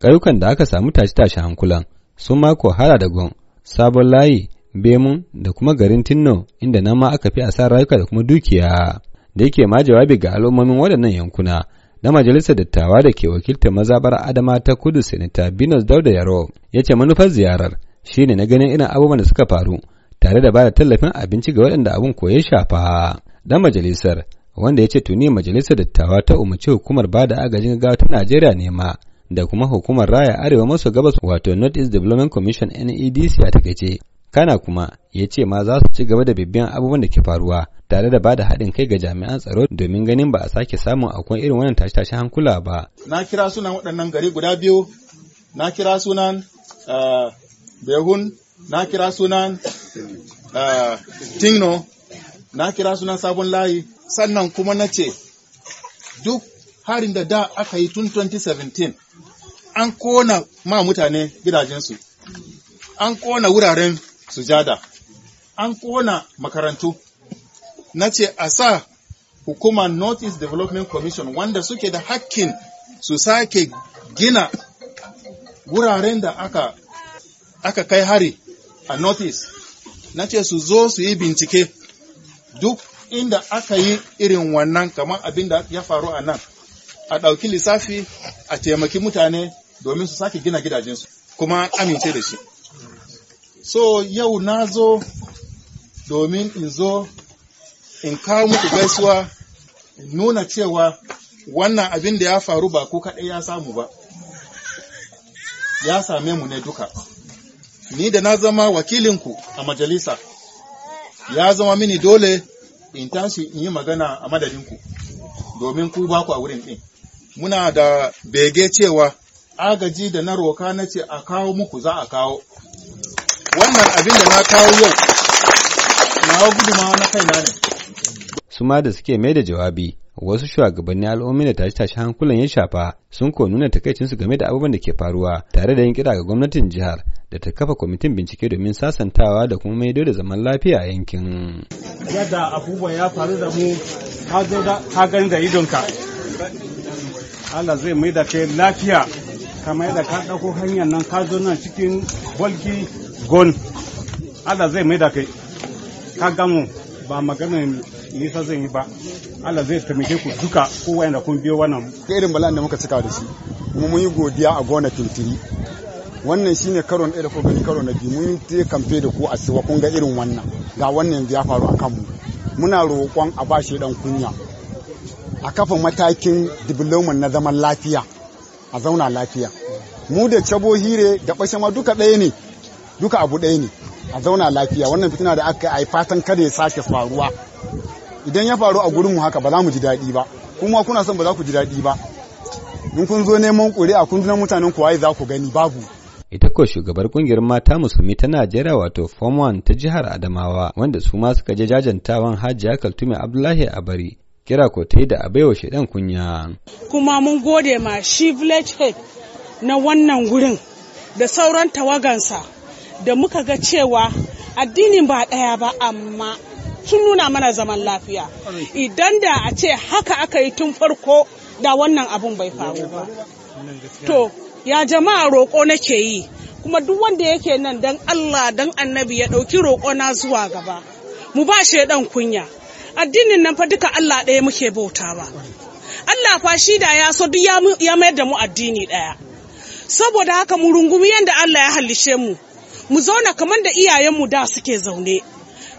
ƙauyukan da aka samu tashe-tashe hankulan sun mako hara da gon sabon layi bemun da kuma garin tinno inda nan ma aka fi a sa rayuka da kuma dukiya da yake ma jawabi ga al'ummomin waɗannan yankuna na majalisar dattawa da ke wakiltar mazabar adama ta kudu senata binus dauda yaro ya ce manufar ziyarar shine na ganin irin abubuwan da suka faru tare da bada tallafin abinci ga waɗanda abun ko ya shafa dan majalisar wanda ya ce tuni majalisar dattawa ta umarci hukumar bada agajin gaggawa ta najeriya ne ma da kuma hukumar raya arewa maso gabas wato north east development commission nedc a takaice kana kuma ya ce ma za su ci gaba da bibiyan abubuwan da ke faruwa tare da bada haɗin kai ga jami'an tsaro domin ganin ba a sake samun akwai irin wannan tashe-tashe hankula ba. Na kira sunan waɗannan gari guda biyu, na kira sunan ah, Behun, na kira sunan ah, Tingno, na kira sunan Sabon Layi, sannan kuma na ce duk harin da da aka yi tun 2017 an kona ma mutane gidajensu an kona wuraren sujada an kona makarantu na ce a sa hukuma north east development commission wanda suke da hakkin su sake gina wuraren da aka, aka kai hari a north east na ce su zo su yi bincike duk inda aka yi irin wannan kamar abin da ya faru a nan a ɗauki lissafi a taimaki mutane domin su sake gina gidajensu kuma amince da shi so yau na zo domin in zo in kawo muku gaisuwa nuna cewa wannan abin da ya faru ba ko kaɗai ya samu ba ya same mu ne duka ni da na zama wakilinku a majalisa ya zama mini dole in tashi in yi magana a madadinku domin ku ba ku a wurin ɗin muna da bege cewa agaji da na roka na ce a kawo muku za a kawo wannan abin da na kawo yau hau gudumawa na kaina ne su ma da suke mai da jawabi wasu shugabanni al'ummi da tashi-tashi hankulan ya shafa sun ko nuna takaicinsu game da abubuwan da ke faruwa tare da yin kira ga gwamnatin jihar da ta kafa kwamitin bincike domin sasantawa da kuma maido da zaman lafiya a yankin. Yadda abubuwa ya faru da mu ka gani da idonka Allah zai mai da kai lafiya kamar yadda ka ɗauko hanyar nan ka zo nan cikin bolki gon Allah zai mai da kai ka gamu ba maganin nisa zan yi ba Allah zai taimake ku duka kowa da kun biyo wannan irin bala'in da muka cika da shi kuma mun yi godiya a gona tintiri wannan shine karo na ɗaya gani karo na biyu mun yi kamfe da ku a siwa kun ga irin wannan ga wannan ya faru a kanmu muna roƙon a ba shi dan kunya a kafa matakin diploma na zaman lafiya a zauna lafiya mu da cabo hire da ɓashe ma duka ɗaya ne duka abu ɗaya ne a zauna lafiya wannan fitina da aka yi fatan kada ya sake faruwa idan ya faru a gurin mu haka ba za mu ji daɗi ba kuma kuna son ba za ku ji daɗi ba in kun zo neman ƙuri'a kun kundunan mutanen kuwa waye za ku gani babu ita ko shugabar kungiyar mata musulmi ta Najeriya wato Form 1 ta jihar Adamawa wanda su ma suka je jajantawan Hajji kaltumi Abdullahi a bari. kira ko ta yi da abaiwa shaidan kunya. Kuma mun gode ma shi village head na wannan gurin da sauran tawagansa da muka ga cewa addinin ba ɗaya ba amma sun nuna mana zaman lafiya. Idan da a ce haka aka yi tun farko da wannan abun bai faru ba. To, ya jama'a roƙo nake yi, kuma duk wanda yake nan don Allah don annabi ya ɗauki roƙo na zuwa gaba. Mu ba ɗan kunya. addinin nan fa duka Allah ɗaya muke bauta ba Allah fa shi da ya so duk ya mayar da mu addini ɗaya saboda haka mu rungumi yadda Allah ya hallishe mu mu zauna kamar da iyayenmu da suke zaune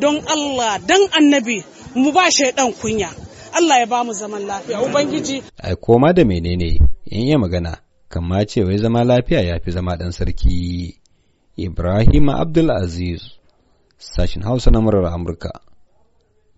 don Allah don annabi mu ba shaidan kunya Allah ya ba mu zaman lafiya ubangiji koma da menene in ya magana kama ce wai zama lafiya ya fi zama ɗan sarki Ibrahim Abdul Aziz sashin Hausa na murar Amurka